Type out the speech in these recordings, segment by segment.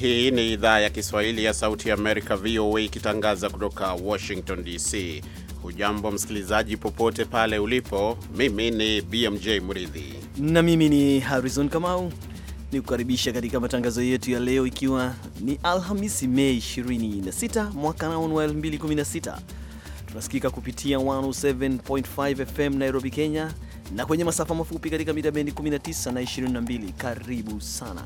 Hii ni idhaa ya Kiswahili ya Sauti ya Amerika, VOA, ikitangaza kutoka Washington DC. Hujambo msikilizaji, popote pale ulipo. Mimi ni BMJ Mridhi na mimi ni Harrison Kamau ni kukaribisha katika matangazo yetu ya leo, ikiwa ni Alhamisi Mei 26 mwaka naunu wa 2016. Tunasikika kupitia 107.5 FM Nairobi, Kenya, na kwenye masafa mafupi katika mita bendi 19 na 22. Karibu sana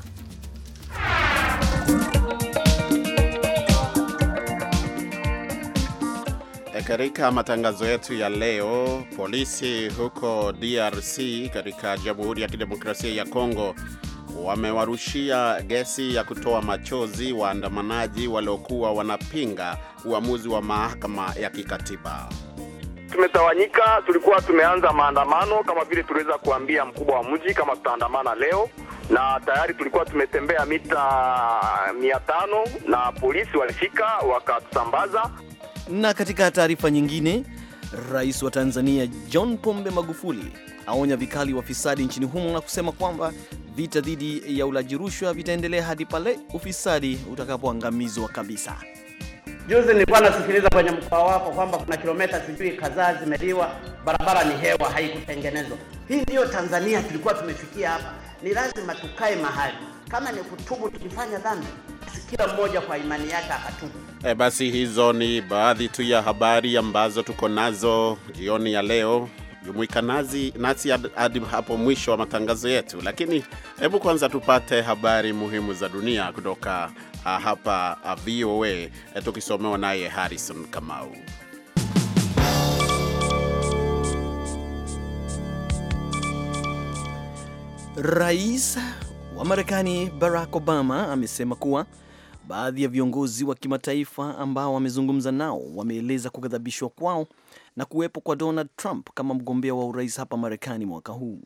E, katika matangazo yetu ya leo, polisi huko DRC katika Jamhuri ya Kidemokrasia ya Kongo wamewarushia gesi ya kutoa machozi waandamanaji waliokuwa wanapinga uamuzi wa mahakama ya kikatiba. Tumetawanyika, tulikuwa tumeanza maandamano kama vile tuliweza kuambia mkubwa wa mji kama tutaandamana leo na tayari tulikuwa tumetembea mita mia tano na polisi walifika wakatusambaza. Na katika taarifa nyingine, rais wa Tanzania John Pombe Magufuli aonya vikali wafisadi nchini humo na kusema kwamba vita dhidi ya ulaji rushwa vitaendelea hadi pale ufisadi utakapoangamizwa kabisa. Juzi nilikuwa nasikiliza kwenye mkoa wako kwamba kuna kilomita sijui kadhaa zimeliwa, barabara ni hewa, haikutengenezwa. Hii ndiyo Tanzania tulikuwa tumefikia hapa ni lazima tukae mahali, kama ni kutubu, tukifanya dhambi, kila mmoja kwa imani yake akatubu. E, basi hizo ni baadhi tu ya habari ambazo tuko nazo jioni ya leo. Jumuika nazi nasi hadi hapo mwisho wa matangazo yetu, lakini hebu kwanza tupate habari muhimu za dunia kutoka ah, hapa ah, VOA, e, tukisomewa naye Harrison Kamau. Rais wa Marekani Barack Obama amesema kuwa baadhi ya viongozi wa kimataifa ambao wamezungumza nao wameeleza kughadhabishwa kwao na kuwepo kwa Donald Trump kama mgombea wa urais hapa Marekani mwaka huu.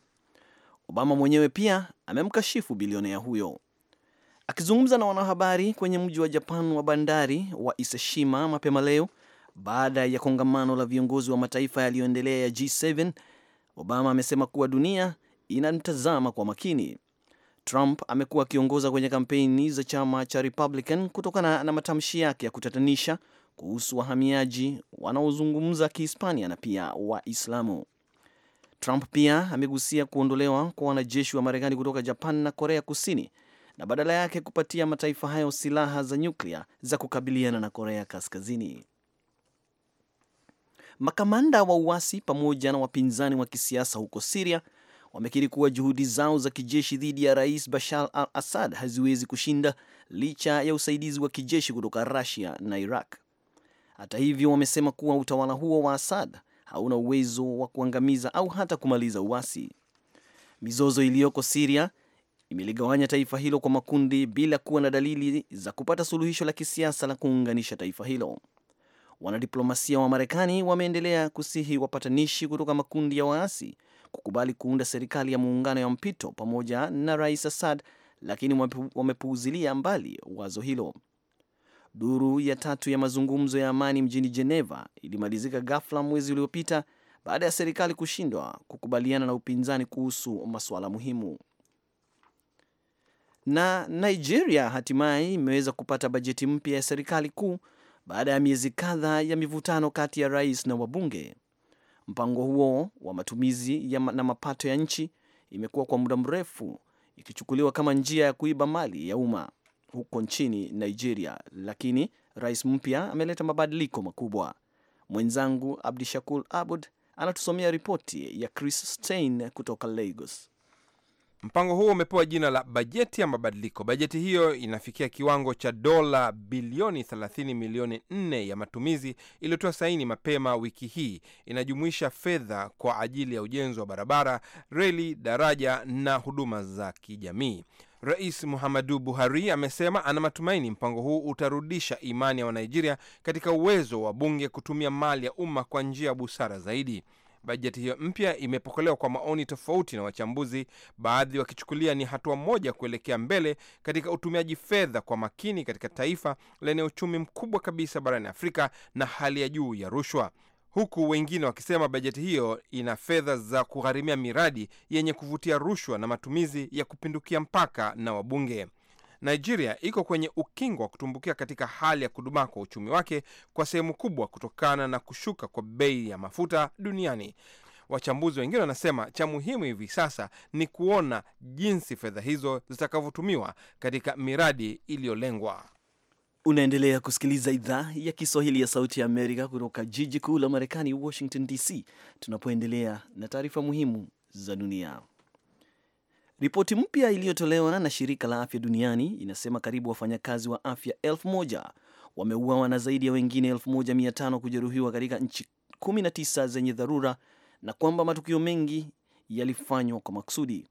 Obama mwenyewe pia amemkashifu bilionea huyo. Akizungumza na wanahabari kwenye mji wa Japan wa bandari wa Iseshima mapema leo baada ya kongamano la viongozi wa mataifa yaliyoendelea ya G7, Obama amesema kuwa dunia inamtazama kwa makini. Trump amekuwa akiongoza kwenye kampeni za chama cha Republican kutokana na matamshi yake ya kutatanisha kuhusu wahamiaji wanaozungumza Kihispania na pia Waislamu. Trump pia amegusia kuondolewa kwa wanajeshi wa Marekani kutoka Japan na Korea Kusini na badala yake kupatia mataifa hayo silaha za nyuklia za kukabiliana na Korea Kaskazini. Makamanda wa uasi pamoja na wapinzani wa kisiasa huko Siria wamekiri kuwa juhudi zao za kijeshi dhidi ya Rais Bashar al Assad haziwezi kushinda licha ya usaidizi wa kijeshi kutoka rasia na Iraq. Hata hivyo, wamesema kuwa utawala huo wa Assad hauna uwezo wa kuangamiza au hata kumaliza uasi. Mizozo iliyoko Siria imeligawanya taifa hilo kwa makundi bila kuwa na dalili za kupata suluhisho la kisiasa la kuunganisha taifa hilo. Wanadiplomasia wa Marekani wameendelea kusihi wapatanishi kutoka makundi ya waasi kukubali kuunda serikali ya muungano ya mpito pamoja na rais Assad, lakini wamepuuzilia mbali wazo hilo. Duru ya tatu ya mazungumzo ya amani mjini Geneva ilimalizika ghafla mwezi uliopita baada ya serikali kushindwa kukubaliana na upinzani kuhusu masuala muhimu. Na Nigeria hatimaye imeweza kupata bajeti mpya ya serikali kuu baada ya miezi kadhaa ya mivutano kati ya rais na wabunge. Mpango huo wa matumizi ya na mapato ya nchi imekuwa kwa muda mrefu ikichukuliwa kama njia ya kuiba mali ya umma huko nchini Nigeria, lakini rais mpya ameleta mabadiliko makubwa. Mwenzangu Abdi Shakur Abud anatusomea ripoti ya Chris Stein kutoka Lagos. Mpango huo umepewa jina la bajeti ya mabadiliko. Bajeti hiyo inafikia kiwango cha dola bilioni 30 milioni 4 ya matumizi iliyotoa saini mapema wiki hii. Inajumuisha fedha kwa ajili ya ujenzi wa barabara, reli, daraja na huduma za kijamii. Rais Muhammadu Buhari amesema ana matumaini mpango huu utarudisha imani ya Wanigeria katika uwezo wa bunge kutumia mali ya umma kwa njia ya busara zaidi. Bajeti hiyo mpya imepokelewa kwa maoni tofauti na wachambuzi, baadhi wakichukulia ni hatua moja kuelekea mbele katika utumiaji fedha kwa makini katika taifa lenye uchumi mkubwa kabisa barani Afrika na hali ya juu ya rushwa, huku wengine wakisema bajeti hiyo ina fedha za kugharimia miradi yenye kuvutia rushwa na matumizi ya kupindukia mpaka na wabunge. Nigeria iko kwenye ukingo wa kutumbukia katika hali ya kudumaa kwa uchumi wake kwa sehemu kubwa kutokana na kushuka kwa bei ya mafuta duniani. Wachambuzi wengine wanasema cha muhimu hivi sasa ni kuona jinsi fedha hizo zitakavyotumiwa katika miradi iliyolengwa. Unaendelea kusikiliza idhaa ya Kiswahili ya Sauti ya Amerika kutoka jiji kuu la Marekani, Washington DC, tunapoendelea na taarifa muhimu za dunia. Ripoti mpya iliyotolewa na shirika la afya duniani inasema karibu wafanyakazi wa afya elfu moja wameuawa na zaidi ya wengine 1500 kujeruhiwa katika nchi 19 zenye dharura na kwamba matukio mengi yalifanywa kwa makusudi.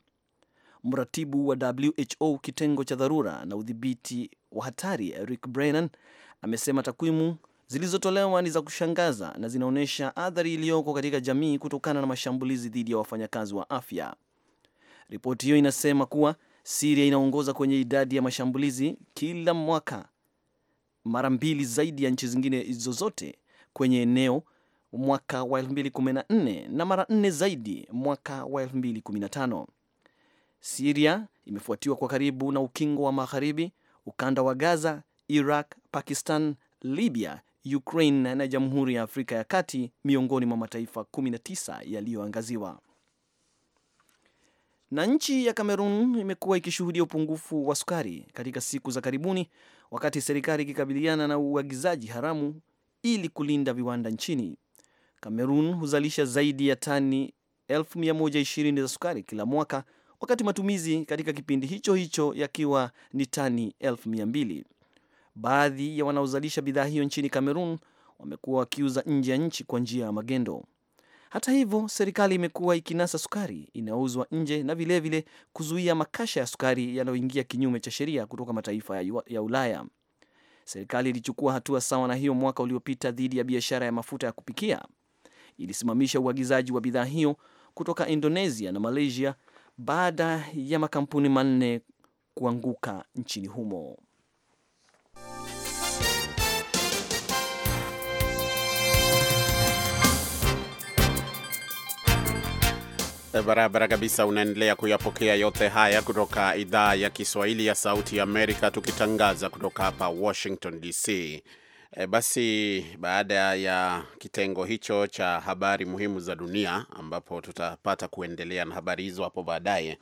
Mratibu wa WHO kitengo cha dharura na udhibiti wa hatari Rick Brennan amesema takwimu zilizotolewa ni za kushangaza na zinaonyesha athari iliyoko katika jamii kutokana na mashambulizi dhidi ya wafanyakazi wa afya. Ripoti hiyo inasema kuwa Siria inaongoza kwenye idadi ya mashambulizi kila mwaka, mara mbili zaidi ya nchi zingine zozote kwenye eneo mwaka wa 2014 na mara nne zaidi mwaka wa 2015. Siria imefuatiwa kwa karibu na ukingo wa Magharibi, ukanda wa Gaza, Iraq, Pakistan, Libya, Ukraine na Jamhuri ya Afrika ya Kati miongoni mwa mataifa 19 yaliyoangaziwa. Na nchi ya cameron imekuwa ikishuhudia upungufu wa sukari katika siku za karibuni, wakati serikali ikikabiliana na uagizaji haramu ili kulinda viwanda nchini. cameron huzalisha zaidi ya tani 120 za sukari kila mwaka, wakati matumizi katika kipindi hicho hicho yakiwa ni tani 200. Baadhi ya wanaozalisha bidhaa hiyo nchini cameron wamekuwa wakiuza nje ya nchi kwa njia ya magendo. Hata hivyo, serikali imekuwa ikinasa sukari inayouzwa nje na vilevile vile kuzuia makasha ya sukari yanayoingia kinyume cha sheria kutoka mataifa ya Ulaya. Serikali ilichukua hatua sawa na hiyo mwaka uliopita dhidi ya biashara ya mafuta ya kupikia. Ilisimamisha uagizaji wa bidhaa hiyo kutoka Indonesia na Malaysia baada ya makampuni manne kuanguka nchini humo. Eh, barabara kabisa. Unaendelea kuyapokea yote haya kutoka idhaa ya Kiswahili ya Sauti ya Amerika, tukitangaza kutoka hapa Washington DC. E, eh, basi baada ya kitengo hicho cha habari muhimu za dunia, ambapo tutapata kuendelea na habari hizo hapo baadaye,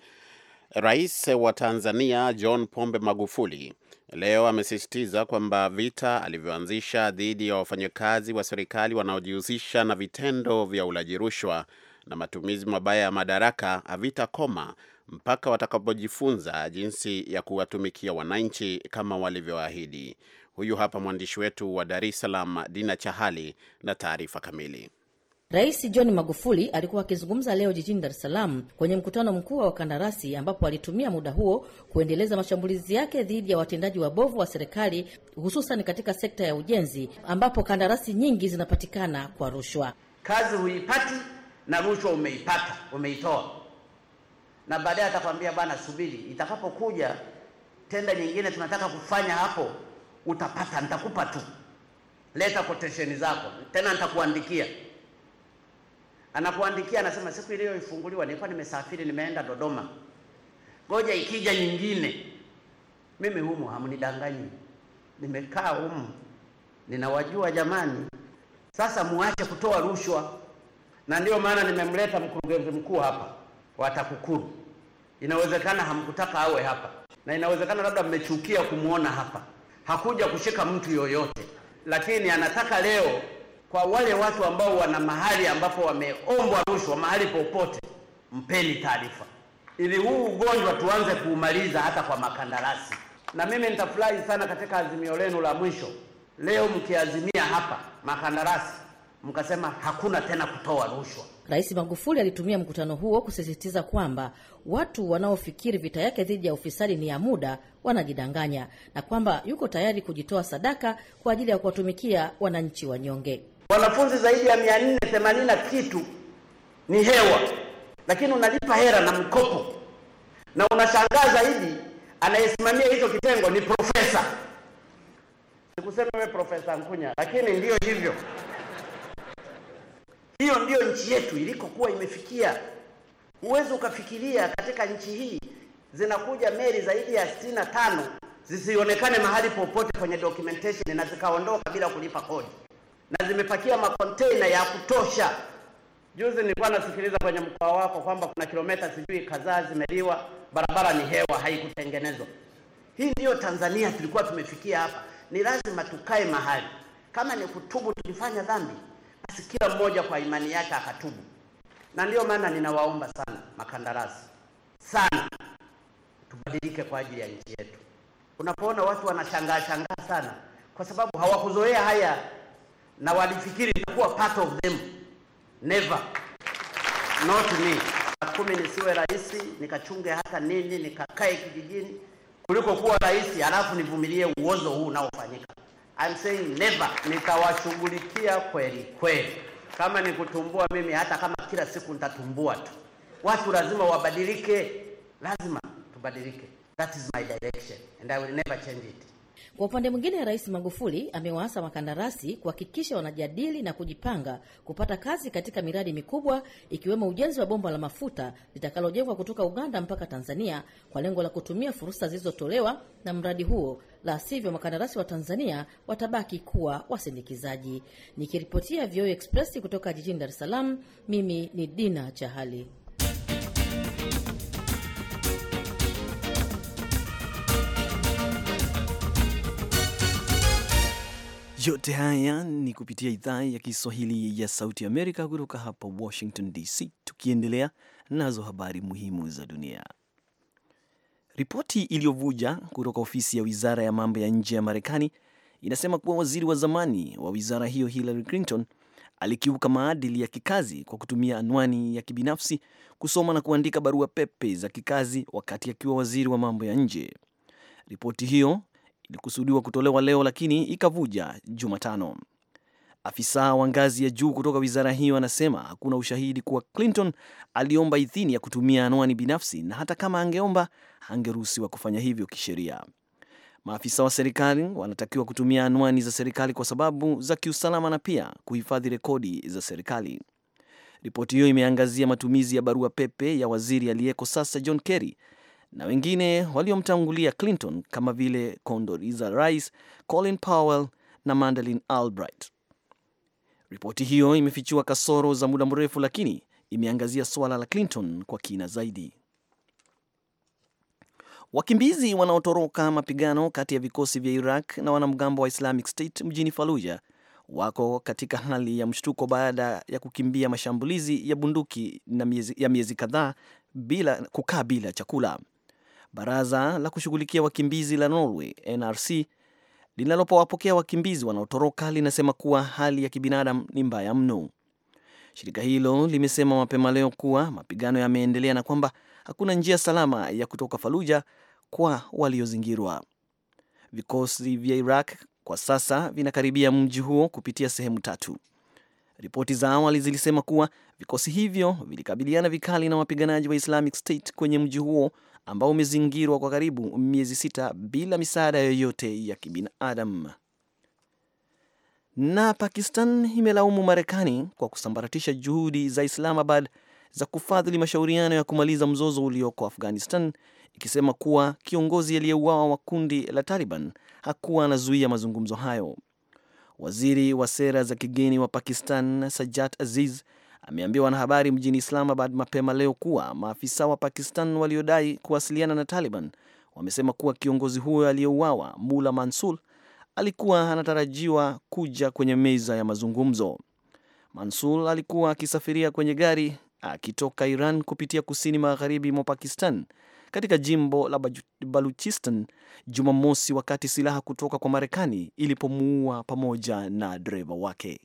Rais wa Tanzania John Pombe Magufuli leo amesisitiza kwamba vita alivyoanzisha dhidi ya wafanyakazi wa serikali wanaojihusisha na vitendo vya ulaji rushwa na matumizi mabaya ya madaraka havitakoma mpaka watakapojifunza jinsi ya kuwatumikia wananchi kama walivyoahidi. Huyu hapa mwandishi wetu wa Dar es Salaam, Dina Chahali, na taarifa kamili. Rais John Magufuli alikuwa akizungumza leo jijini Dar es Salaam kwenye mkutano mkuu wa wakandarasi ambapo alitumia muda huo kuendeleza mashambulizi yake dhidi ya watendaji wabovu wa serikali hususan katika sekta ya ujenzi ambapo kandarasi nyingi zinapatikana kwa rushwa. Kazi huipati na rushwa umeipata, umeitoa, na baadaye atakwambia bana, subiri, itakapokuja tenda nyingine tunataka kufanya hapo, utapata, nitakupa tu, leta quotation zako, tena nitakuandikia. Anakuandikia, anasema siku iliyoifunguliwa nilikuwa nimesafiri, nimeenda Dodoma, ngoja ikija nyingine. Mimi humu hamnidanganyi, nimekaa humu, ninawajua jamani. Sasa muache kutoa rushwa na ndio maana nimemleta mkurugenzi mkuu hapa wa TAKUKURU. Inawezekana hamkutaka awe hapa, na inawezekana labda mmechukia kumwona hapa. Hakuja kushika mtu yoyote, lakini anataka leo kwa wale watu ambao wana mahali ambapo wameombwa rushwa, mahali popote, mpeni taarifa ili huu ugonjwa tuanze kuumaliza hata kwa makandarasi. Na mimi nitafurahi sana katika azimio lenu la mwisho leo mkiazimia hapa makandarasi mkasema hakuna tena kutoa rushwa. Rais Magufuli alitumia mkutano huo kusisitiza kwamba watu wanaofikiri vita yake dhidi ya ufisadi ni ya muda wanajidanganya, na kwamba yuko tayari kujitoa sadaka kwa ajili ya kuwatumikia wananchi wanyonge. Wanafunzi zaidi ya mia nne themanini na kitu ni hewa, lakini unalipa hera na mkopo, na unashangaa zaidi anayesimamia hicho kitengo ni profesa. Sikusema we Profesa Nkunya, lakini ndiyo hivyo. Hiyo ndiyo nchi yetu ilikokuwa imefikia. Huwezi ukafikiria katika nchi hii zinakuja meli zaidi ya sitini na tano zisionekane mahali popote kwenye documentation na zikaondoka bila kulipa kodi na zimepakia makontena ya kutosha. Juzi nilikuwa nasikiliza kwenye mkoa wako kwamba kuna kilomita sijui kadhaa zimeliwa, barabara ni hewa, haikutengenezwa. Hii ndiyo Tanzania tulikuwa tumefikia hapa. Ni lazima tukae mahali, kama ni kutubu tulifanya dhambi kila mmoja kwa imani yake akatubu. Na ndiyo maana ninawaomba sana makandarasi, sana tubadilike kwa ajili ya nchi yetu. Unapoona watu wanashangaa shangaa sana, kwa sababu hawakuzoea haya na walifikiri itakuwa part of them. Never, not me. Kumi nisiwe rais nikachunge hata nini nikakae kijijini kuliko kuwa rais halafu nivumilie uozo huu unaofanyika. I'm saying never, nitawashughulikia kweli kweli. Kama ni kutumbua mimi, hata kama kila siku nitatumbua tu. Watu lazima wabadilike, lazima tubadilike. That is my direction and I will never change it. Kwa upande mwingine, Rais Magufuli amewaasa wakandarasi kuhakikisha wanajadili na kujipanga kupata kazi katika miradi mikubwa ikiwemo ujenzi wa bomba la mafuta litakalojengwa kutoka Uganda mpaka Tanzania kwa lengo la kutumia fursa zilizotolewa na mradi huo, la sivyo makandarasi wa Tanzania watabaki kuwa wasindikizaji. Nikiripotia VOA Express kutoka jijini Dar es Salaam, mimi ni Dina Chahali. Yote haya ni kupitia idhaa ya Kiswahili ya Sauti Amerika kutoka hapa Washington DC, tukiendelea nazo habari muhimu za dunia. Ripoti iliyovuja kutoka ofisi ya wizara ya mambo ya nje ya Marekani inasema kuwa waziri wa zamani wa wizara hiyo Hillary Clinton alikiuka maadili ya kikazi kwa kutumia anwani ya kibinafsi kusoma na kuandika barua pepe za kikazi wakati akiwa waziri wa mambo ya nje. Ripoti hiyo ilikusudiwa kutolewa leo lakini ikavuja Jumatano. Afisa wa ngazi ya juu kutoka wizara hiyo anasema hakuna ushahidi kuwa Clinton aliomba idhini ya kutumia anwani binafsi, na hata kama angeomba angeruhusiwa kufanya hivyo kisheria. Maafisa wa serikali wanatakiwa kutumia anwani za serikali kwa sababu za kiusalama na pia kuhifadhi rekodi za serikali. Ripoti hiyo imeangazia matumizi ya barua pepe ya waziri aliyeko sasa John Kerry na wengine waliomtangulia Clinton kama vile Condoleezza Rice, Colin Powell na Madeleine Albright. Ripoti hiyo imefichua kasoro za muda mrefu, lakini imeangazia suala la Clinton kwa kina zaidi. Wakimbizi wanaotoroka mapigano kati ya vikosi vya Iraq na wanamgambo wa Islamic State mjini Faluja wako katika hali ya mshtuko baada ya kukimbia mashambulizi ya bunduki na miezi, ya miezi kadhaa bila kukaa bila chakula. Baraza la kushughulikia wakimbizi la Norway, NRC, linalopowapokea wakimbizi wanaotoroka linasema kuwa hali ya kibinadamu ni mbaya mno. Shirika hilo limesema mapema leo kuwa mapigano yameendelea na kwamba hakuna njia salama ya kutoka Faluja kwa waliozingirwa. Vikosi vya Iraq kwa sasa vinakaribia mji huo kupitia sehemu tatu. Ripoti za awali zilisema kuwa vikosi hivyo vilikabiliana vikali na wapiganaji wa Islamic State kwenye mji huo ambao umezingirwa kwa karibu miezi sita bila misaada yoyote ya kibinadamu. Na Pakistan imelaumu Marekani kwa kusambaratisha juhudi za Islamabad za kufadhili mashauriano ya kumaliza mzozo ulioko Afghanistan, ikisema kuwa kiongozi aliyeuawa wa kundi la Taliban hakuwa anazuia mazungumzo hayo. Waziri wa sera za kigeni wa Pakistan Sajat Aziz ameambia wanahabari mjini Islamabad mapema leo kuwa maafisa wa Pakistan waliodai kuwasiliana na Taliban wamesema kuwa kiongozi huyo aliyeuawa Mula Mansur alikuwa anatarajiwa kuja kwenye meza ya mazungumzo. Mansur alikuwa akisafiria kwenye gari akitoka Iran kupitia kusini magharibi mwa Pakistan katika jimbo la Baluchistan Jumamosi, wakati silaha kutoka kwa Marekani ilipomuua pamoja na dereva wake.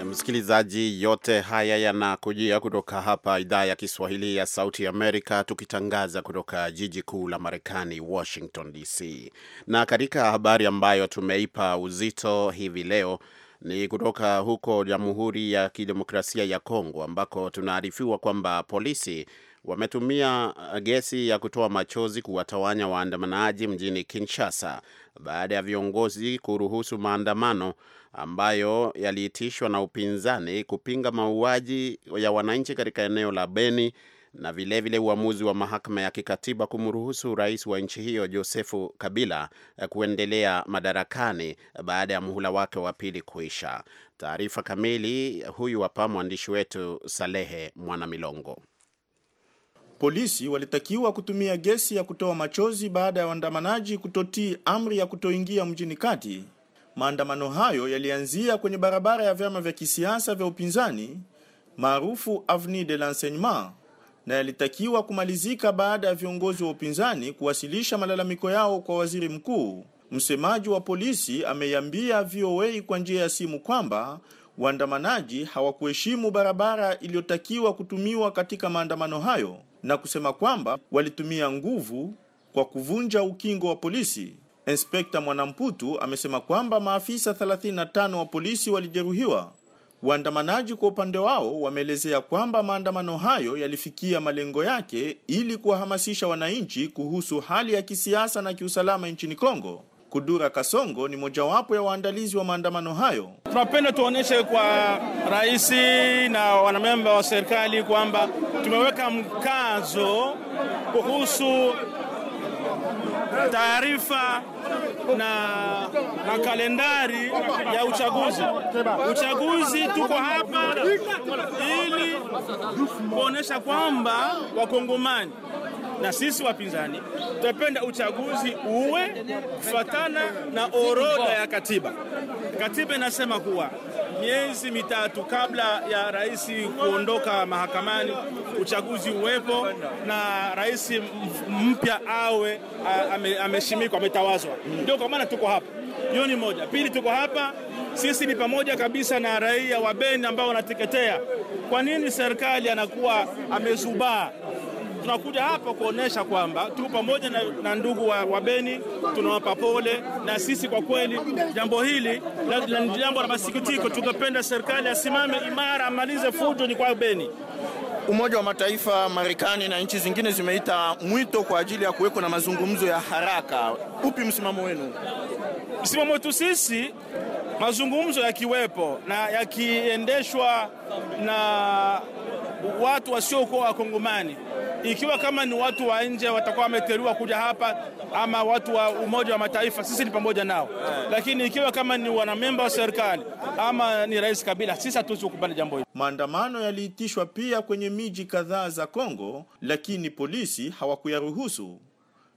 Eh, msikilizaji, yote haya yanakujia kutoka hapa idhaa ya Kiswahili ya Sauti Amerika, tukitangaza kutoka jiji kuu la Marekani, Washington DC. Na katika habari ambayo tumeipa uzito hivi leo ni kutoka huko Jamhuri ya Kidemokrasia ya Kongo, ambako tunaarifiwa kwamba polisi wametumia uh, gesi ya kutoa machozi kuwatawanya waandamanaji mjini Kinshasa baada ya viongozi kuruhusu maandamano ambayo yaliitishwa na upinzani kupinga mauaji ya wananchi katika eneo la Beni na vilevile vile uamuzi wa mahakama ya kikatiba kumruhusu rais wa nchi hiyo Josefu Kabila uh, kuendelea madarakani baada ya muhula wake wa pili kuisha. Taarifa kamili huyu hapa mwandishi wetu Salehe Mwanamilongo. Polisi walitakiwa kutumia gesi ya kutoa machozi baada ya waandamanaji kutotii amri ya kutoingia mjini kati. Maandamano hayo yalianzia kwenye barabara ya vyama vya kisiasa vya upinzani maarufu Avenue de l'Enseignement na yalitakiwa kumalizika baada ya viongozi wa upinzani kuwasilisha malalamiko yao kwa waziri mkuu. Msemaji wa polisi ameiambia VOA kwa njia ya simu kwamba waandamanaji hawakuheshimu barabara iliyotakiwa kutumiwa katika maandamano hayo na kusema kwamba walitumia nguvu kwa kuvunja ukingo wa polisi. Inspekta Mwanamputu amesema kwamba maafisa 35 wa polisi walijeruhiwa. Waandamanaji kwa upande wao wameelezea kwamba maandamano hayo yalifikia malengo yake ili kuwahamasisha wananchi kuhusu hali ya kisiasa na kiusalama nchini Kongo. Kudura Kasongo ni mojawapo ya waandalizi wa maandamano hayo. Tunapenda tuonyeshe kwa rais na wanamemba wa serikali kwamba tumeweka mkazo kuhusu taarifa na, na kalendari ya uchaguzi. Uchaguzi tuko hapa ili kuonyesha kwamba wakongomani na sisi wapinzani tutapenda uchaguzi uwe kufuatana na orodha ya katiba. Katiba inasema kuwa miezi mitatu kabla ya rais kuondoka mahakamani uchaguzi uwepo na rais mpya awe ameshimikwa, ame ametawazwa. Ndio kwa maana tuko hapa. Hiyo ni moja. Pili, tuko hapa sisi ni pamoja kabisa na raia wa Beni ambao wanateketea. Kwa nini serikali anakuwa amezubaa? tunakuja hapa kuonyesha kwamba tuko pamoja na, na ndugu wa, wa Beni, tunawapa pole na sisi kwa kweli jambo hili ni jambo la masikitiko. Tungependa serikali asimame imara, amalize fujo ni kwa Beni. Umoja wa Mataifa, Marekani na nchi zingine zimeita mwito kwa ajili ya kuweko na mazungumzo ya haraka. Upi msimamo wenu? Msimamo wetu sisi, mazungumzo yakiwepo na yakiendeshwa na watu wasiokuwa wakongomani ikiwa kama ni watu wa nje watakuwa wameteriwa kuja hapa ama watu wa Umoja wa Mataifa, sisi ni pamoja nao, lakini ikiwa kama ni wanamemba wa serikali ama ni Rais Kabila, sisi hatuwezi kukubali jambo hili. Maandamano yaliitishwa pia kwenye miji kadhaa za Kongo, lakini polisi hawakuyaruhusu.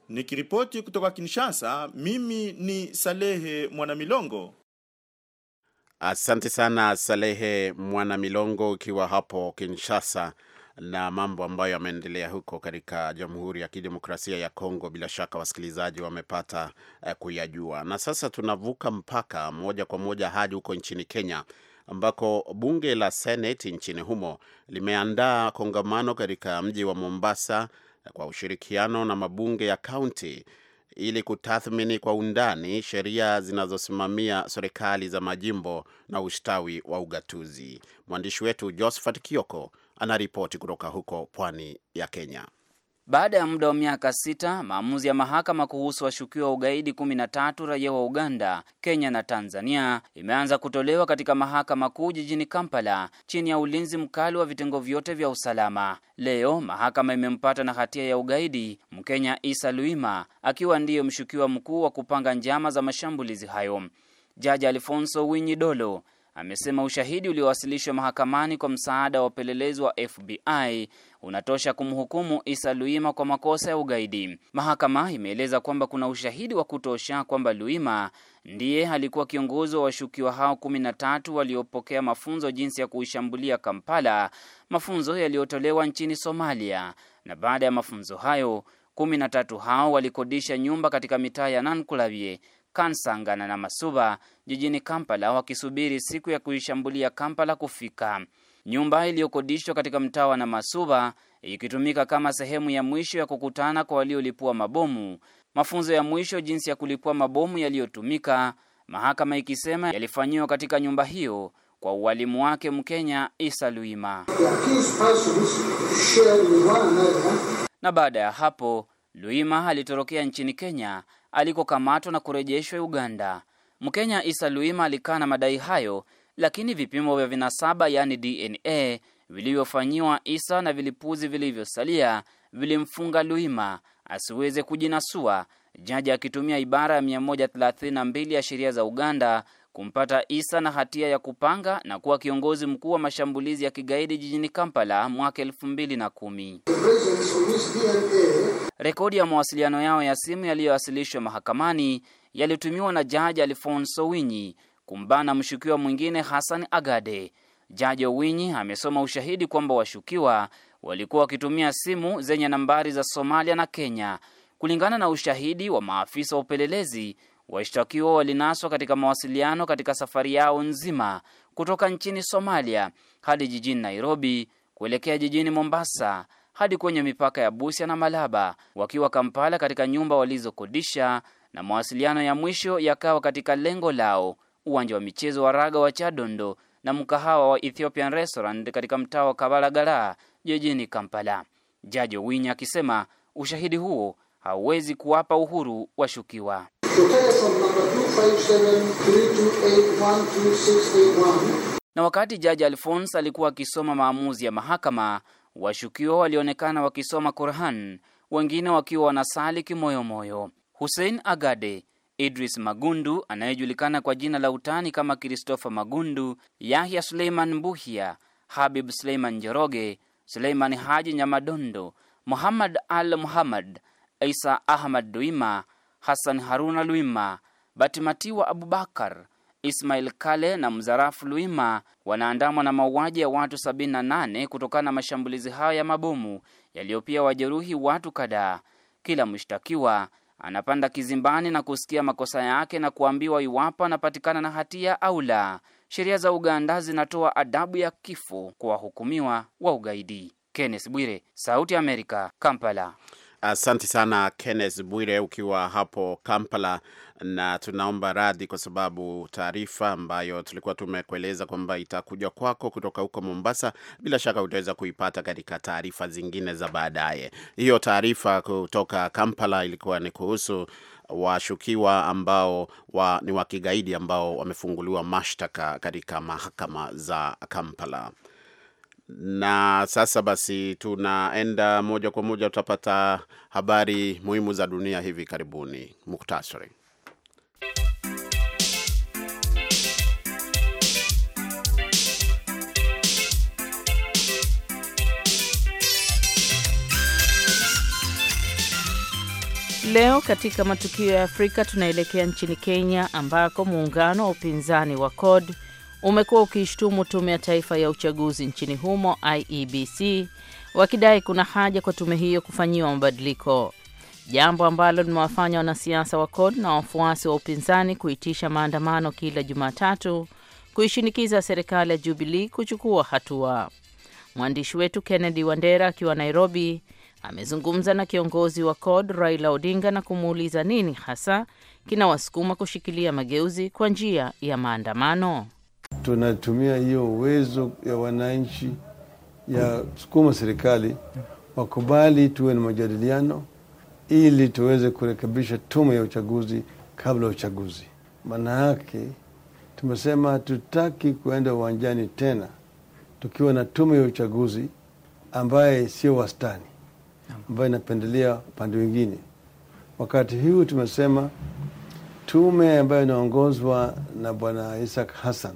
Nikiripoti kutoka Kinshasa, mimi ni Salehe Mwanamilongo. Asante sana Salehe Mwanamilongo, ukiwa hapo Kinshasa na mambo ambayo yameendelea huko katika Jamhuri ya Kidemokrasia ya Kongo. Bila shaka wasikilizaji wamepata eh, kuyajua, na sasa tunavuka mpaka moja kwa moja hadi huko nchini Kenya ambako bunge la Seneti nchini humo limeandaa kongamano katika mji wa Mombasa eh, kwa ushirikiano na mabunge ya kaunti ili kutathmini kwa undani sheria zinazosimamia serikali za majimbo na ustawi wa ugatuzi. Mwandishi wetu Josephat Kioko anaripoti kutoka huko pwani ya Kenya. Baada ya muda wa miaka sita, maamuzi ya mahakama kuhusu washukiwa wa ugaidi 13 raia wa Uganda, Kenya na Tanzania imeanza kutolewa katika mahakama kuu jijini Kampala chini ya ulinzi mkali wa vitengo vyote vya usalama. Leo mahakama imempata na hatia ya ugaidi Mkenya Isa Luima akiwa ndiye mshukiwa mkuu wa kupanga njama za mashambulizi hayo. Jaji Alfonso Winyi Dolo amesema ushahidi uliowasilishwa mahakamani kwa msaada wa upelelezi wa FBI unatosha kumhukumu Isa Luima kwa makosa ya ugaidi. Mahakama imeeleza kwamba kuna ushahidi wa kutosha kwamba Luima ndiye alikuwa kiongozi wa washukiwa hao kumi na tatu waliopokea mafunzo jinsi ya kuishambulia Kampala, mafunzo yaliyotolewa nchini Somalia, na baada ya mafunzo hayo kumi na tatu hao walikodisha nyumba katika mitaa ya Nankulavye Kansangana na Masuba jijini Kampala wakisubiri siku ya kuishambulia Kampala kufika. Nyumba iliyokodishwa katika mtaa wa Namasuba ikitumika kama sehemu ya mwisho ya kukutana kwa waliolipua mabomu, mafunzo ya mwisho jinsi ya kulipua mabomu yaliyotumika, mahakama ikisema yalifanyiwa katika nyumba hiyo kwa uwalimu wake Mkenya Isa Luima. Na baada ya hapo Luima alitorokea nchini Kenya alikokamatwa na kurejeshwa Uganda. Mkenya Isa Luima alikaa na madai hayo, lakini vipimo vya vinasaba yaani DNA vilivyofanyiwa Isa na vilipuzi vilivyosalia vilimfunga Luima asiweze kujinasua, jaji akitumia ibara ya 132 ya sheria za Uganda kumpata Isa na hatia ya kupanga na kuwa kiongozi mkuu wa mashambulizi ya kigaidi jijini Kampala mwaka elfu mbili na kumi. Rekodi ya mawasiliano yao ya simu yaliyowasilishwa mahakamani yalitumiwa na Jaji Alfonso Winyi kumbana mshukiwa mwingine Hassan Agade. Jaji Winyi amesoma ushahidi kwamba washukiwa walikuwa wakitumia simu zenye nambari za Somalia na Kenya. Kulingana na ushahidi wa maafisa wa upelelezi Washtakiwa walinaswa katika mawasiliano katika safari yao nzima kutoka nchini Somalia hadi jijini Nairobi kuelekea jijini Mombasa hadi kwenye mipaka ya Busia na Malaba wakiwa Kampala katika nyumba walizokodisha, na mawasiliano ya mwisho yakawa katika lengo lao, uwanja wa michezo wa raga wa Chadondo na mkahawa wa Ethiopian Restaurant katika mtaa wa Kabalagala jijini Kampala. Jaji Winya akisema ushahidi huo hauwezi kuwapa uhuru washukiwa. Na wakati Jaji alfons alikuwa akisoma maamuzi ya mahakama, washukiwa walionekana wakisoma Qur'an, wengine wakiwa wanasali kimoyomoyo. Hussein Agade Idris Magundu anayejulikana kwa jina la utani kama Christopher Magundu, Yahya Suleiman Mbuhia, Habib Suleiman Njoroge, Suleiman Haji Nyamadondo, Muhammad Al Muhammad, Isa Ahmad Duima Hassan Haruna Luima, Batimatiwa Abubakar, Ismail Kale na Mzarafu Luima wanaandamwa na mauaji ya watu 78 kutokana na mashambulizi hayo ya mabomu yaliyopia wajeruhi watu kadhaa. Kila mshtakiwa anapanda kizimbani na kusikia makosa yake na kuambiwa iwapo anapatikana na hatia au la. Sheria za Uganda zinatoa adabu ya kifo kwa wahukumiwa wa ugaidi. Kenneth Bwire, Sauti ya Amerika, Kampala. Asante sana Kenneth Bwire ukiwa hapo Kampala, na tunaomba radhi kwa sababu taarifa ambayo tulikuwa tumekueleza kwamba itakuja kwako kutoka huko Mombasa, bila shaka utaweza kuipata katika taarifa zingine za baadaye. Hiyo taarifa kutoka Kampala ilikuwa ni kuhusu washukiwa ambao wa, ni wa kigaidi ambao wamefunguliwa mashtaka katika mahakama za Kampala na sasa basi tunaenda moja kwa moja, tutapata habari muhimu za dunia hivi karibuni. Muktasari. Leo katika matukio ya Afrika tunaelekea nchini Kenya ambako muungano wa upinzani wa CORD umekuwa ukiishtumu tume ya taifa ya uchaguzi nchini humo IEBC wakidai kuna haja kwa tume hiyo kufanyiwa mabadiliko, jambo ambalo limewafanya wanasiasa wa CORD na wafuasi wa upinzani kuitisha maandamano kila Jumatatu kuishinikiza serikali ya jubilii kuchukua hatua. Mwandishi wetu Kennedy Wandera akiwa Nairobi amezungumza na kiongozi wa CORD Raila Odinga na kumuuliza nini hasa kinawasukuma kushikilia mageuzi kwa njia ya maandamano tunatumia hiyo uwezo ya wananchi ya sukuma serikali wakubali tuwe na majadiliano ili tuweze kurekebisha tume ya uchaguzi kabla ya uchaguzi. Maana yake tumesema hatutaki kuenda uwanjani tena tukiwa na tume ya uchaguzi ambaye sio wastani, ambayo inapendelea upande wengine. Wakati huu tumesema tume ambayo inaongozwa na Bwana Isaac Hassan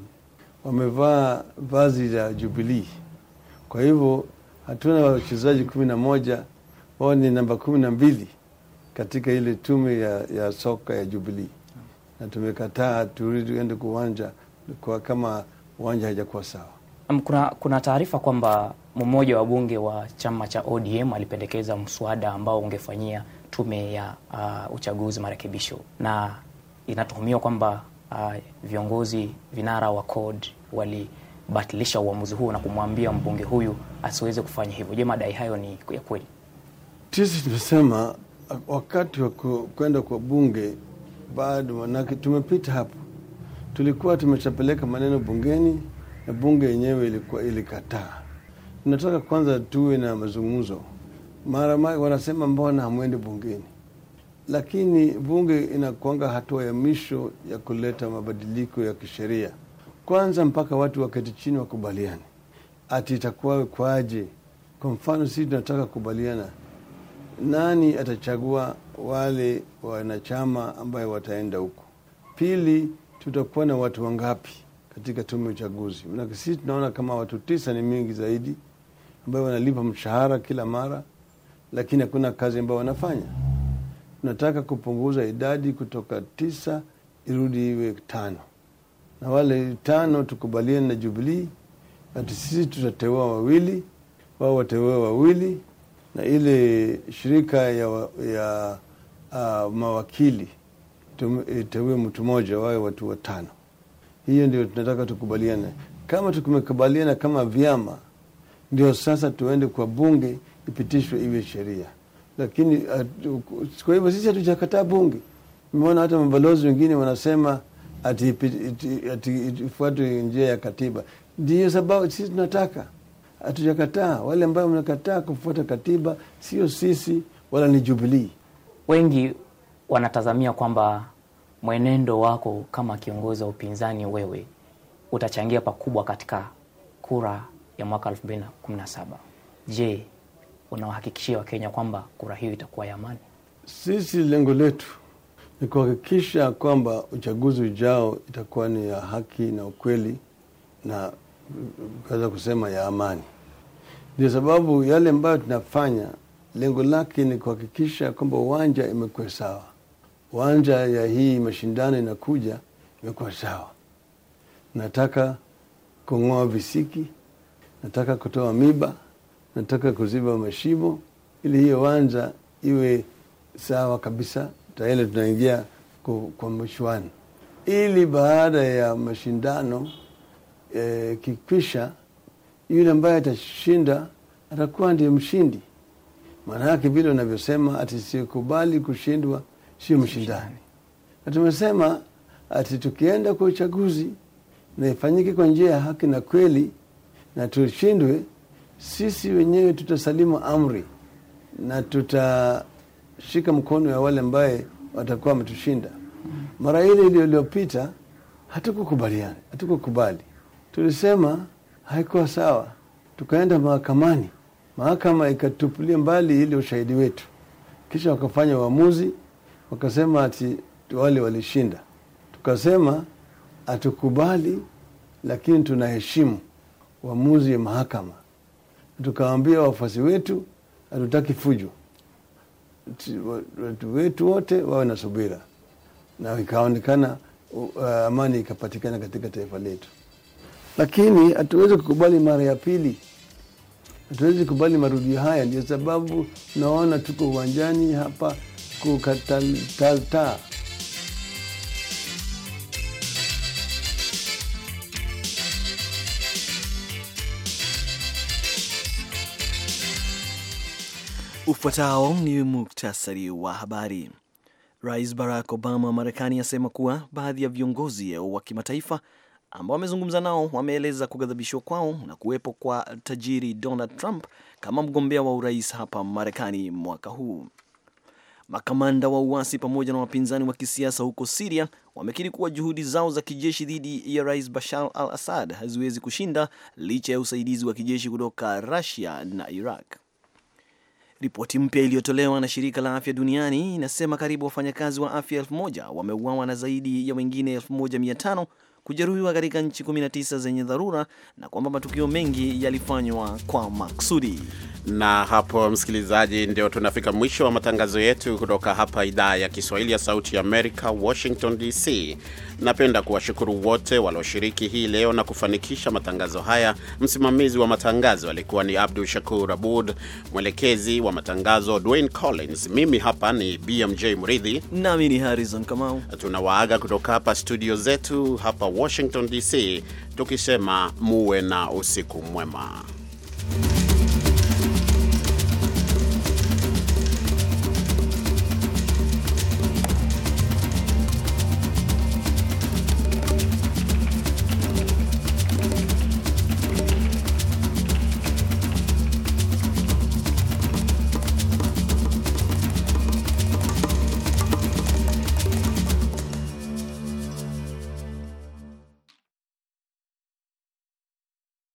wamevaa vazi la Jubilii. Kwa hivyo hatuna wachezaji kumi na moja, wao ni namba kumi na mbili katika ile tume ya, ya soka ya Jubilii, na tumekataa tuende kuwanja kwa kama uwanja haijakuwa sawa. Kuna, kuna taarifa kwamba mmoja wa bunge wa chama cha ODM alipendekeza mswada ambao ungefanyia tume ya uh, uchaguzi marekebisho na inatuhumiwa kwamba uh, viongozi vinara wa CORD walibatilisha uamuzi huo na kumwambia mbunge huyu asiweze kufanya hivyo. Je, madai hayo ni ya kweli? Sisi tumesema wakati wa kwenda kwa bunge bado, manake tumepita hapo, tulikuwa tumeshapeleka maneno bungeni na bunge yenyewe ilikuwa ilikataa. Tunataka kwanza tuwe na mazungumzo mara, wanasema mbona hamwendi bungeni? lakini bunge inakuanga hatua ya mwisho ya kuleta mabadiliko ya kisheria. Kwanza mpaka watu waketi chini wakubaliane, ati itakuwa kwaje? Kwa mfano sisi tunataka kukubaliana, nani atachagua wale wanachama ambayo wataenda huko? Pili, tutakuwa na watu wangapi katika tume ya uchaguzi? Manake sisi tunaona kama watu tisa ni mingi zaidi, ambayo wanalipa mshahara kila mara, lakini hakuna kazi ambayo wanafanya tunataka kupunguza idadi kutoka tisa irudi iwe tano, na wale tano tukubaliane na Jubilii ati sisi tutateua wawili, wao wateue wawili, na ile shirika ya, ya uh, mawakili iteue mtu mmoja, wawe watu watano. Hiyo ndio tunataka tukubaliane. Kama tumekubaliana kama vyama, ndio sasa tuende kwa bunge ipitishwe iwe sheria lakini uh, kwa hivyo sisi hatujakataa bunge. Umeona hata mabalozi wengine wanasema atifuatwe njia ya katiba. Ndiyo sababu sisi tunataka, hatujakataa. Wale ambayo mnakataa kufuata katiba sio sisi wala ni Jubilii. Wengi wanatazamia kwamba mwenendo wako kama kiongozi wa upinzani wewe utachangia pakubwa katika kura ya mwaka 2017. Je, unawahakikishia Wakenya kwamba kura hiyo itakuwa ya amani? Sisi lengo letu ni kuhakikisha kwamba uchaguzi ujao itakuwa ni ya haki na ukweli na kaweza kusema ya amani. Ndio sababu yale ambayo tunafanya lengo lake ni kuhakikisha kwamba uwanja imekuwa sawa, uwanja ya hii mashindano inakuja imekuwa sawa. Nataka kung'oa visiki, nataka kutoa miba nataka kuziba mashimo ili hiyo Wanza iwe sawa kabisa, tayari tunaingia kwa mchuano, ili baada ya mashindano e, kikwisha, yule ambaye atashinda atakuwa ndiye mshindi. maanayake vile unavyosema ati sikubali kushindwa sio mshindani, na tumesema ati tukienda kwa uchaguzi na ifanyike kwa njia ya haki na kweli na tushindwe sisi wenyewe tutasalimu amri na tutashika mkono ya wale ambaye watakuwa wametushinda. Mara ile iliyopita hatukukubaliana, hatukukubali, tulisema haikuwa sawa, tukaenda mahakamani, mahakama ikatupulia mbali ile ushahidi wetu, kisha wakafanya uamuzi, wakasema ati wale walishinda. Tukasema hatukubali, lakini tunaheshimu uamuzi wa mahakama tukawambia wafuasi wetu hatutaki fujo, watu wetu wote wawe na subira, na ikaonekana uh, amani ikapatikana katika taifa letu. Lakini hatuwezi kukubali mara ya pili, hatuwezi kukubali marudio haya. Ndio sababu naona tuko uwanjani hapa kukatataa Ufuatao ni muktasari wa habari. Rais Barack Obama wa Marekani asema kuwa baadhi ya viongozi wa kimataifa ambao wamezungumza nao wameeleza kughadhabishwa kwao na kuwepo kwa tajiri Donald Trump kama mgombea wa urais hapa Marekani mwaka huu. Makamanda wa uasi pamoja na wapinzani wa kisiasa huko Siria wamekiri kuwa juhudi zao za kijeshi dhidi ya rais Bashar al Assad haziwezi kushinda licha ya usaidizi wa kijeshi kutoka Rusia na Iraq. Ripoti mpya iliyotolewa na shirika la afya duniani inasema karibu wafanyakazi wa afya elfu moja wameuawa na zaidi ya wengine elfu moja mia tano kujeruhiwa katika nchi 19 zenye dharura na kwamba matukio mengi yalifanywa kwa maksudi. Na hapo, msikilizaji, ndio tunafika mwisho wa matangazo yetu kutoka hapa idhaa ya Kiswahili ya Sauti ya Amerika, Washington DC. Napenda kuwashukuru wote walioshiriki hii leo na kufanikisha matangazo haya. Msimamizi wa matangazo alikuwa ni Abdu Shakur Abud, mwelekezi wa matangazo Dwayne Collins. Mimi hapa ni BMJ Mridhi nami ni Harrison Kamau. Tunawaaga kutoka hapa studio zetu hapa Washington DC, tukisema muwe na usiku mwema.